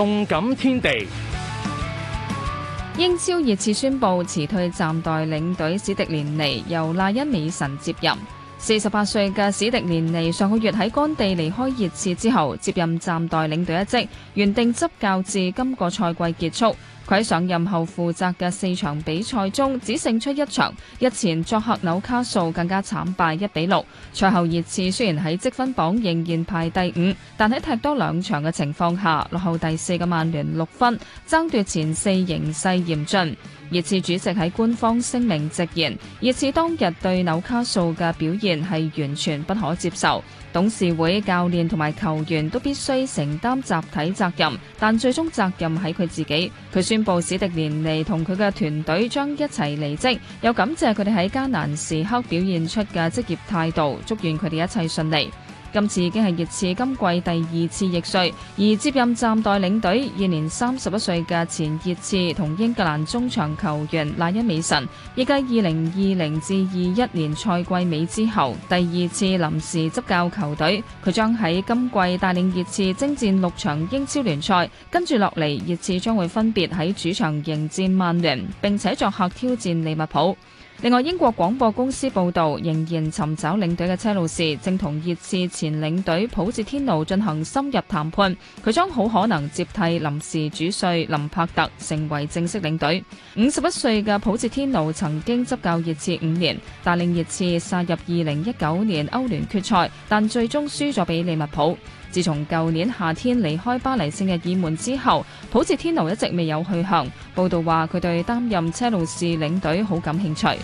動感天地，英超熱刺宣布辭退暫代領隊史迪連尼，由賴恩美臣接任。四十八歲嘅史迪連尼上個月喺干地離開熱刺之後，接任暫代領隊一職，原定執教至今個賽季結束。佢上任後負責嘅四場比賽中只勝出一場，日前作客紐卡素更加慘敗一比六。賽後熱刺雖然喺積分榜仍然排第五，但喺踢多兩場嘅情況下落後第四嘅曼聯六分，爭奪前四形勢嚴峻。熱刺主席喺官方聲明直言，熱刺當日對紐卡素嘅表現係完全不可接受，董事會、教練同埋球員都必須承擔集體責任，但最終責任喺佢自己。佢布史迪連尼同佢嘅團隊將一齊離職，又感謝佢哋喺艱難時刻表現出嘅職業態度，祝願佢哋一切順利。今次已經係熱刺今季第二次易帥，而接任暫代領隊、現年三十一歲嘅前熱刺同英格蘭中場球員賴恩美臣，亦繼二零二零至二一年賽季尾之後第二次臨時執教球隊。佢將喺今季帶領熱刺征戰六場英超聯賽，跟住落嚟熱刺將會分別喺主場迎戰曼聯，並且作客挑戰利物浦。另外，英國廣播公司報道，仍然尋找領隊嘅車路士正同熱刺前領隊普智天奴進行深入談判，佢將好可能接替臨時主帥林柏特成為正式領隊。五十一歲嘅普智天奴曾經執教熱刺五年，帶領熱刺殺入二零一九年歐聯決賽，但最終輸咗俾利物浦。自從舊年夏天離開巴黎聖日耳門之後，普捷天奴一直未有去向。報道話佢對擔任車路士領隊好感興趣。